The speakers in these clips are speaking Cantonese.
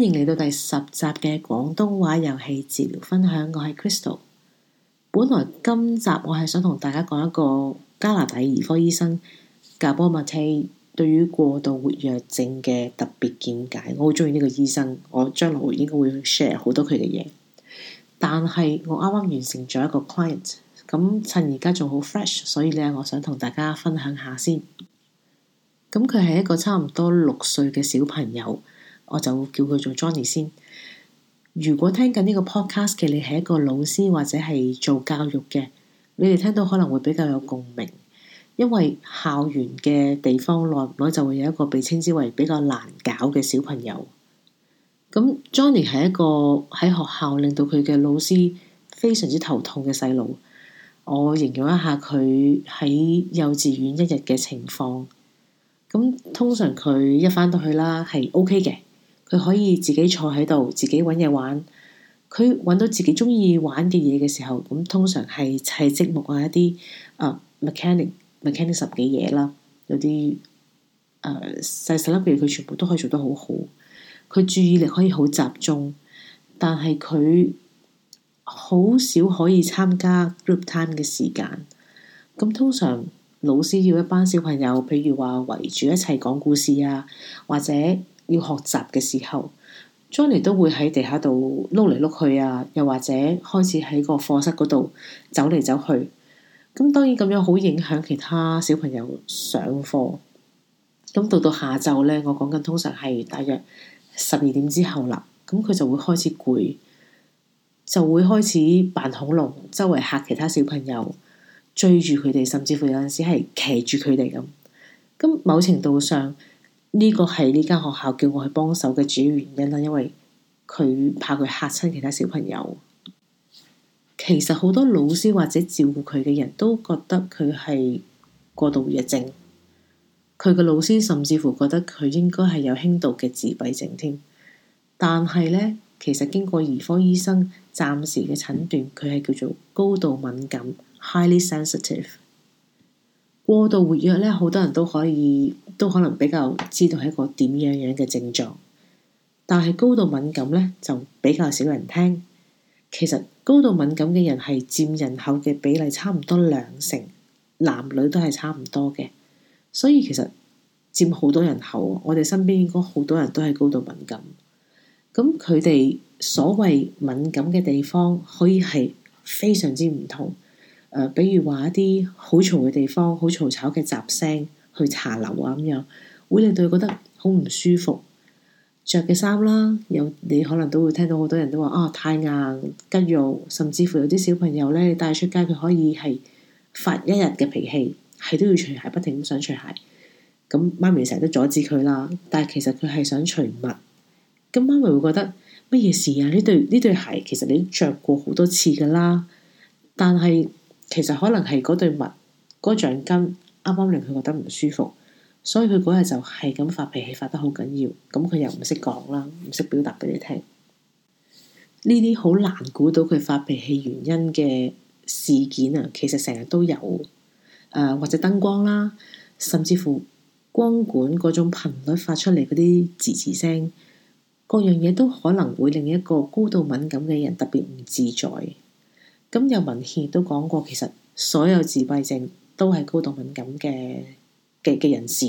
歡迎嚟到第十集嘅廣東話遊戲治療分享，我係 Christal。本來今集我係想同大家講一個加拿大兒科醫生 Gabor Maté 對於過度活躍症嘅特別見解，我好中意呢個醫生，我將來應該會 share 好多佢嘅嘢。但係我啱啱完成咗一個 client，咁趁而家仲好 fresh，所以呢，我想同大家分享下先。咁佢係一個差唔多六歲嘅小朋友。我就叫佢做 Johnny 先。如果聽緊呢個 podcast 嘅，你係一個老師或者係做教育嘅，你哋聽到可能會比較有共鳴，因為校園嘅地方耐唔耐就會有一個被稱之為比較難搞嘅小朋友。咁 Johnny 係一個喺學校令到佢嘅老師非常之頭痛嘅細路。我形容一下佢喺幼稚園一日嘅情況，咁通常佢一返到去啦，係 OK 嘅。佢可以自己坐喺度，自己揾嘢玩。佢揾到自己鍾意玩嘅嘢嘅時候，咁通常係砌積木啊一，一啲啊 mechanic、mechanic 十幾嘢啦，有啲誒細細粒嘅嘢，佢、uh，全部都可以做得好好。佢注意力可以好集中，但係佢好少可以參加 group time 嘅時間。咁通常老師要一班小朋友，譬如話圍住一齊講故事啊，或者。要學習嘅時候，Johnny 都會喺地下度碌嚟碌去啊，又或者開始喺個課室嗰度走嚟走去。咁當然咁樣好影響其他小朋友上課。咁到到下晝呢，我講緊通常係大約十二點之後啦，咁佢就會開始攰，就會開始扮恐龍，周圍嚇其他小朋友，追住佢哋，甚至乎有陣時係騎住佢哋咁。咁某程度上。呢個係呢間學校叫我去幫手嘅主要原因啦，因為佢怕佢嚇親其他小朋友。其實好多老師或者照顧佢嘅人都覺得佢係過度活躍症，佢嘅老師甚至乎覺得佢應該係有輕度嘅自閉症添。但係呢，其實經過兒科醫生暫時嘅診斷，佢係叫做高度敏感 （highly sensitive）。過度活躍呢，好多人都可以，都可能比較知道係一個點樣樣嘅症狀。但係高度敏感呢就比較少人聽。其實高度敏感嘅人係佔人口嘅比例差唔多兩成，男女都係差唔多嘅。所以其實佔好多人口，我哋身邊應該好多人都係高度敏感。咁佢哋所謂敏感嘅地方，可以係非常之唔同。呃、比如話一啲好嘈嘅地方，好嘈吵嘅雜聲，去茶樓啊咁樣，會令到佢覺得好唔舒服。着嘅衫啦，有你可能都會聽到好多人都話啊、哦，太硬，跟住甚至乎有啲小朋友呢，你帶佢出街佢可以係發一日嘅脾氣，係都要除鞋，不停咁想除鞋。咁媽咪成日都阻止佢啦，但係其實佢係想除襪。咁媽咪會覺得乜嘢事啊？呢對呢對鞋其實你着過好多次㗎啦，但係。其實可能係嗰對襪，嗰橡筋啱啱令佢覺得唔舒服，所以佢嗰日就係咁發脾氣，發得好緊要。咁佢又唔識講啦，唔識表達俾你聽。呢啲好難估到佢發脾氣原因嘅事件啊，其實成日都有。誒、呃，或者燈光啦，甚至乎光管嗰種頻率發出嚟嗰啲吱吱聲，各樣嘢都可能會令一個高度敏感嘅人特別唔自在。咁有文獻亦都講過，其實所有自閉症都係高度敏感嘅嘅嘅人士。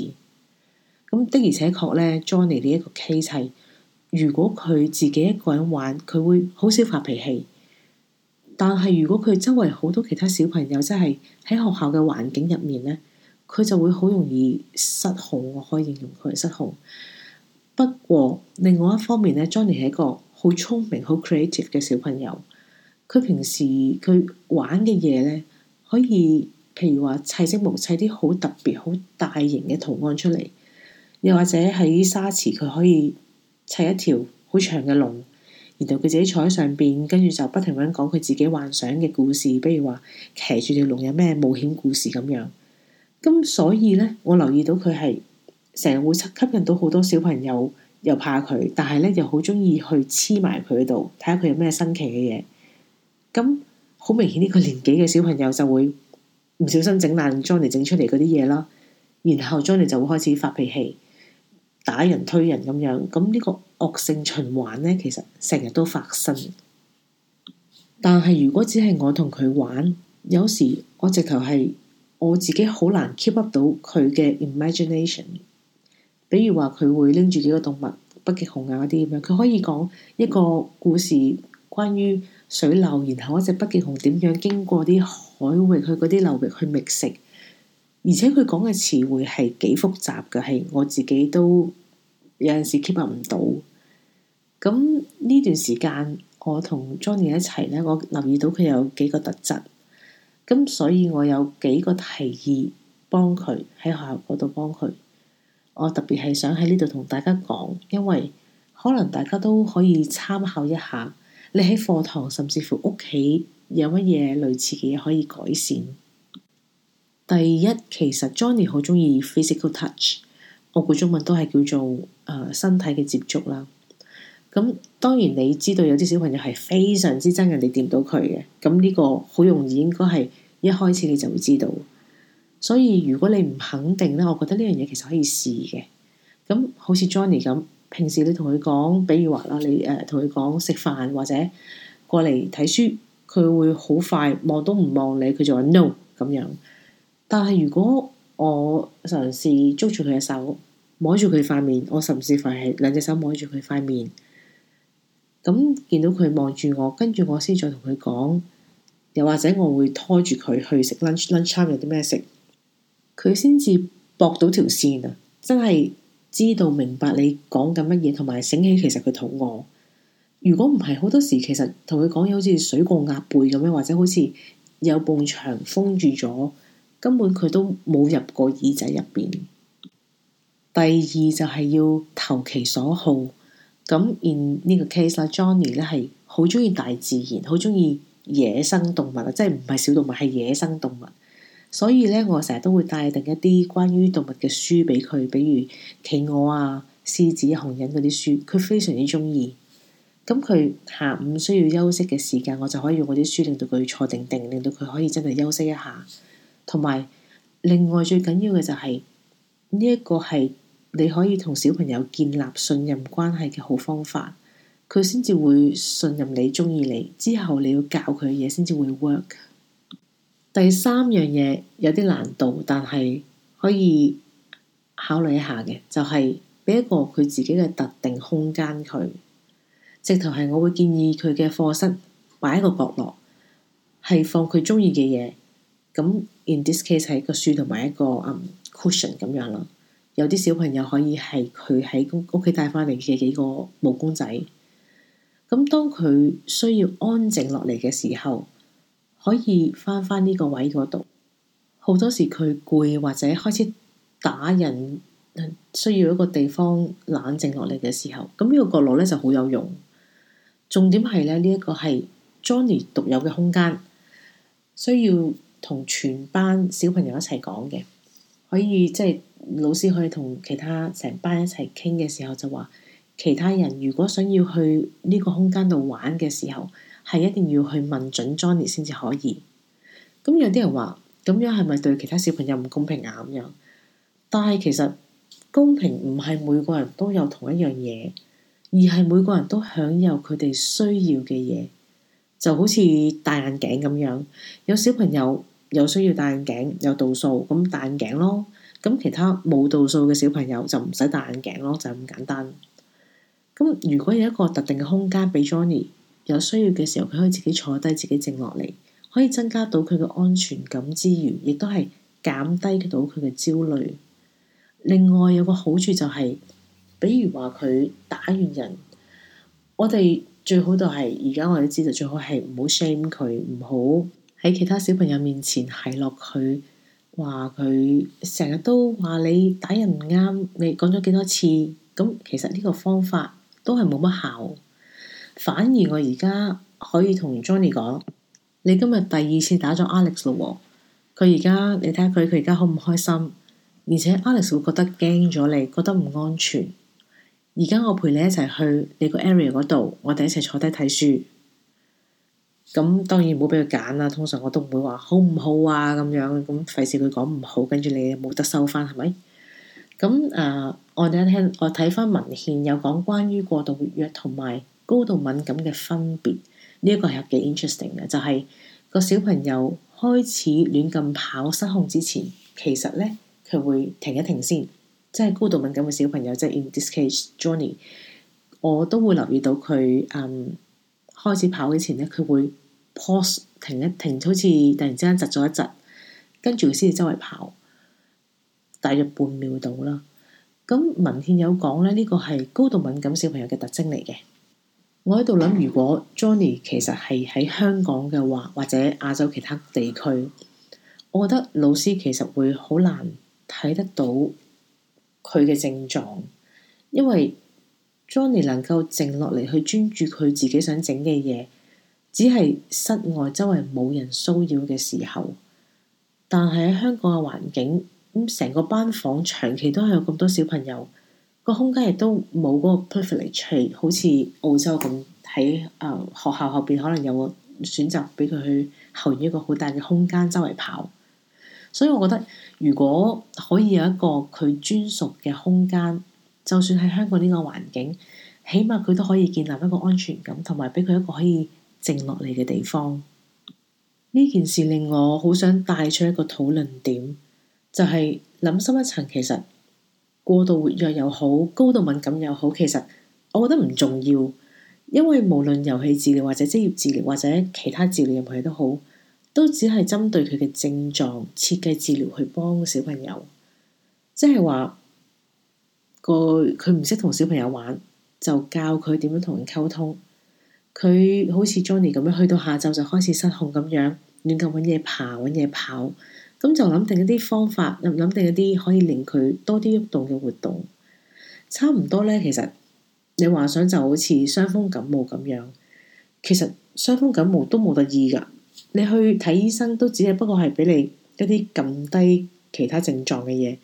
咁的而且確呢 Johnny 呢一個 case 係，如果佢自己一個人玩，佢會好少發脾氣。但係如果佢周圍好多其他小朋友，即係喺學校嘅環境入面呢，佢就會好容易失控。我可以形容佢係失控。不過另外一方面呢 Johnny 係一個好聰明、好 creative 嘅小朋友。佢平時佢玩嘅嘢呢，可以譬如話砌積木，砌啲好特別、好大型嘅圖案出嚟；又或者喺沙池，佢可以砌一條好長嘅龍，然後佢自己坐喺上邊，跟住就不停咁講佢自己幻想嘅故事，比如話騎住條龍有咩冒險故事咁樣。咁所以呢，我留意到佢係成日會吸引到好多小朋友，又怕佢，但係呢，又好中意去黐埋佢度睇下佢有咩新奇嘅嘢。咁好明顯，呢個年紀嘅小朋友就會唔小心整爛 Johnny 整出嚟嗰啲嘢啦，然後 Johnny 就會開始發脾氣、打人、推人咁樣。咁呢個惡性循環呢，其實成日都發生。但係如果只係我同佢玩，有時我直頭係我自己好難 keep up 到佢嘅 imagination。比如話佢會拎住幾個動物、北極熊啊啲咁樣，佢可以講一個故事。關於水流，然後一隻北極熊點樣經過啲海域去嗰啲流域去覓食，而且佢講嘅詞彙係幾複雜嘅，係我自己都有陣時 keep up 唔到。咁呢段時間，我同 Johnny 一齊呢，我留意到佢有幾個特質，咁所以我有幾個提議幫佢喺學校嗰度幫佢。我特別係想喺呢度同大家講，因為可能大家都可以參考一下。你喺課堂，甚至乎屋企有乜嘢類似嘅嘢可以改善？第一，其實 Johnny 好鍾意 physical touch，我估中文都係叫做、呃、身體嘅接觸啦。咁、嗯、當然你知道有啲小朋友係非常之憎人哋掂到佢嘅，咁、嗯、呢、呢個好容易應該係一開始你就會知道。所以如果你唔肯定呢，我覺得呢樣嘢其實可以試嘅。咁好似 Johnny 咁。平時你同佢講，比如話啦，你呃同佢講食飯或者過嚟睇書，佢會好快望都唔望你，佢就話 No 咁樣。但係如果我嘗試捉住佢嘅手，摸住佢塊面，我甚至係兩隻手摸住佢塊面，咁見到佢望住我，跟住我先再同佢講，又或者我會拖住佢去食 lunch，lunch time 有啲咩食，佢先至駁到條線啊！真係。知道、明白你講緊乜嘢，同埋醒起其實佢肚餓。如果唔係，好多時其實同佢講嘢好似水過鴨背咁樣，或者好似有埲牆封住咗，根本佢都冇入過耳仔入邊。第二就係要投其所好。咁 in 呢個 case 啦，Johnny 呢係好鍾意大自然，好鍾意野生動物啊，即係唔係小動物，係野生動物。所以呢，我成日都會帶定一啲關於動物嘅書俾佢，比如企鵝啊、獅子、熊人嗰啲書，佢非常之鍾意。咁佢下午需要休息嘅時間，我就可以用嗰啲書令到佢坐定定，令到佢可以真係休息一下。同埋，另外最緊要嘅就係呢一個係你可以同小朋友建立信任關係嘅好方法。佢先至會信任你，鍾意你之後，你要教佢嘢，先至會 work。第三樣嘢有啲難度，但係可以考慮一下嘅，就係、是、畀一個佢自己嘅特定空間佢。直頭係我會建議佢嘅課室擺一個角落，係放佢鍾意嘅嘢。咁 in this case 係個書同埋一個嗯、um, cushion 咁樣囉。有啲小朋友可以係佢喺屋屋企帶翻嚟嘅幾個毛公仔。咁當佢需要安靜落嚟嘅時候，可以返返呢個位嗰度，好多時佢攰或者開始打人，需要一個地方冷靜落嚟嘅時候，咁、這、呢個角落呢就好有用。重點係呢呢一個係 Johnny 獨有嘅空間，需要同全班小朋友一齊講嘅，可以即係、就是、老師可以同其他成班一齊傾嘅時候就話，其他人如果想要去呢個空間度玩嘅時候，係一定要去問準 Johnny 先至可以。咁有啲人話咁樣係咪對其他小朋友唔公平啊咁樣？但係其實公平唔係每個人都有同一樣嘢，而係每個人都享有佢哋需要嘅嘢。就好似戴眼鏡咁樣，有小朋友有需要戴眼鏡有度數，咁戴眼鏡咯。咁其他冇度數嘅小朋友就唔使戴眼鏡咯，就咁簡單。咁如果有一個特定嘅空間俾 Johnny。有需要嘅時候，佢可以自己坐低，自己靜落嚟，可以增加到佢嘅安全感之餘，亦都係減低到佢嘅焦慮。另外有個好處就係，比如話佢打完人，我哋最好就係，而家我哋知道最好係唔好 shame 佢，唔好喺其他小朋友面前奚落佢，話佢成日都話你打人唔啱，你講咗幾多次咁，其實呢個方法都係冇乜效。反而我而家可以同 Johnny 講，你今日第二次打咗 Alex 咯。佢而家你睇下佢，佢而家好唔開心，而且 Alex 會覺得驚咗你，覺得唔安全。而家我陪你一齊去你個 area 嗰度，我哋一齊坐低睇書。咁當然唔好畀佢揀啦。通常我都唔會話好唔好啊，咁樣咁費事佢講唔好，跟住你冇得收翻係咪？咁誒，嗯、hand, 我哋一聽我睇翻文獻有講關於過度活躍同埋。高度敏感嘅分別呢，一個係有幾 interesting 嘅，就係、是、個小朋友開始亂咁跑失控之前，其實呢，佢會停一停先，即係高度敏感嘅小朋友，即係 in this case Johnny，我都會留意到佢嗯開始跑之前呢，佢會 pause 停一停，好似突然之間窒咗一窒，跟住佢先至周圍跑，大約半秒度啦。咁文獻有講呢，呢、這個係高度敏感小朋友嘅特徵嚟嘅。我喺度諗，如果 Johnny 其實係喺香港嘅話，或者亞洲其他地區，我覺得老師其實會好難睇得到佢嘅症狀，因為 Johnny 能夠靜落嚟去專注佢自己想整嘅嘢，只係室外周圍冇人騷擾嘅時候。但係喺香港嘅環境，咁成個班房長期都係有咁多小朋友。空間亦都冇嗰個 privilege，好似澳洲咁喺誒學校後邊可能有個選擇俾佢去後邊一個好大嘅空間周圍跑，所以我覺得如果可以有一個佢專屬嘅空間，就算喺香港呢個環境，起碼佢都可以建立一個安全感，同埋俾佢一個可以靜落嚟嘅地方。呢件事令我好想帶出一個討論點，就係、是、諗深一層，其實。過度活躍又好，高度敏感又好，其實我覺得唔重要，因為無論遊戲治療或者職業治療或者其他治療嘅嘢都好，都只係針對佢嘅症狀設計治療去幫小朋友。即係話，個佢唔識同小朋友玩，就教佢點樣同人溝通。佢好似 Johnny 咁樣，去到下晝就開始失控咁樣，亂咁搵嘢爬，搵嘢跑。咁就諗定一啲方法，諗定一啲可以令佢多啲喐動嘅活動。差唔多呢，其實你話想就好似傷風感冒咁樣，其實傷風感冒都冇得醫噶。你去睇醫生都只係不過係俾你一啲撳低其他症狀嘅嘢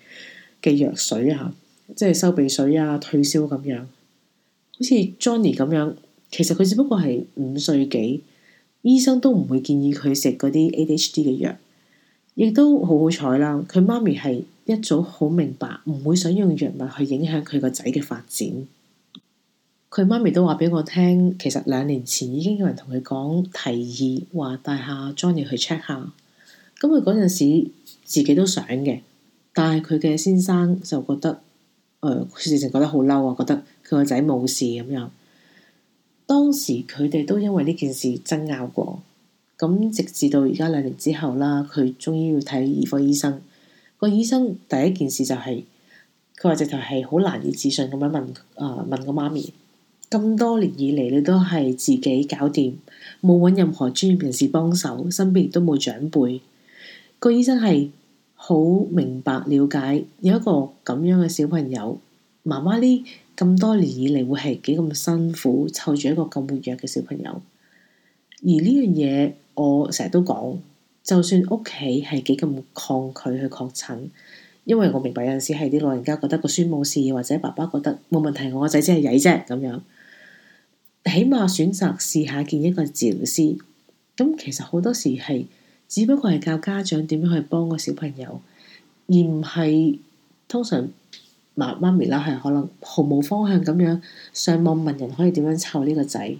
嘅藥水吓、啊，即係收鼻水啊、退燒咁樣。好似 Johnny 咁樣，其實佢只不過係五歲幾，醫生都唔會建議佢食嗰啲 ADHD 嘅藥。亦都好好彩啦！佢媽咪係一早好明白，唔會想用藥物去影響佢個仔嘅發展。佢媽咪都話畀我聽，其實兩年前已經有人同佢講提議，話帶下 Johnny 去 check 下。咁佢嗰陣時自己都想嘅，但係佢嘅先生就覺得，誒、呃，甚至覺得好嬲啊，覺得佢個仔冇事咁樣。當時佢哋都因為呢件事爭拗過。咁直至到而家兩年之後啦，佢終於要睇兒科醫生。個醫生第一件事就係，佢話直頭係好難以置信咁樣問啊、呃、問個媽咪：咁多年以嚟，你都係自己搞掂，冇揾任何專業人士幫手，身邊亦都冇長輩。個醫生係好明白了解，有一個咁樣嘅小朋友，媽媽呢咁多年以嚟會係幾咁辛苦，湊住一個咁活躍嘅小朋友，而呢樣嘢。我成日都講，就算屋企係幾咁抗拒去確診，因為我明白有陣時係啲老人家覺得個孫冇事，或者爸爸覺得冇問題，我個仔真係曳啫咁樣。起碼選擇試下見一個治療師，咁其實好多時係只不過係教家長點樣去幫個小朋友，而唔係通常媽媽咪啦係可能毫無方向咁樣上網問人可以點樣湊呢個仔。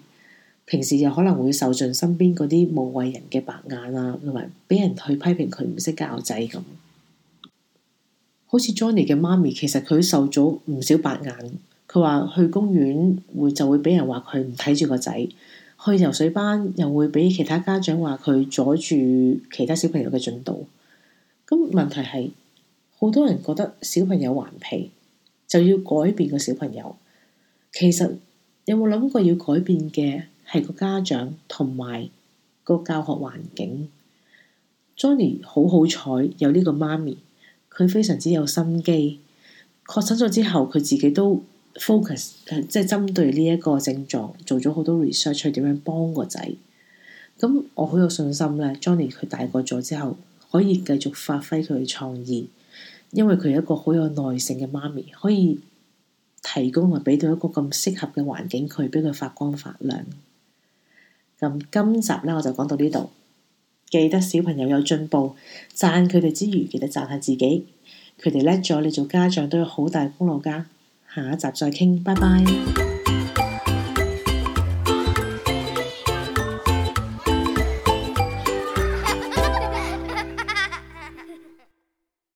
平時又可能會受盡身邊嗰啲無謂人嘅白眼啊，同埋俾人去批評佢唔識教仔咁。好似 Johnny 嘅媽咪，其實佢受咗唔少白眼。佢話去公園會就會俾人話佢唔睇住個仔，去游水班又會俾其他家長話佢阻住其他小朋友嘅進度。咁問題係好多人覺得小朋友頑皮就要改變個小朋友，其實有冇諗過要改變嘅？係個家長同埋個教學環境，Johnny 好好彩有呢個媽咪，佢非常之有心機。確診咗之後，佢自己都 focus，即係針對呢一個症狀做咗好多 research 去點樣幫個仔。咁我好有信心呢，Johnny 佢大個咗之後，可以繼續發揮佢嘅創意，因為佢係一個好有耐性嘅媽咪，可以提供同埋俾到一個咁適合嘅環境，佢俾佢發光發亮。咁今集呢我就講到呢度，記得小朋友有進步，讚佢哋之餘，記得讚下自己。佢哋叻咗，做你做家長都有好大功勞噶。下一集再傾，拜拜。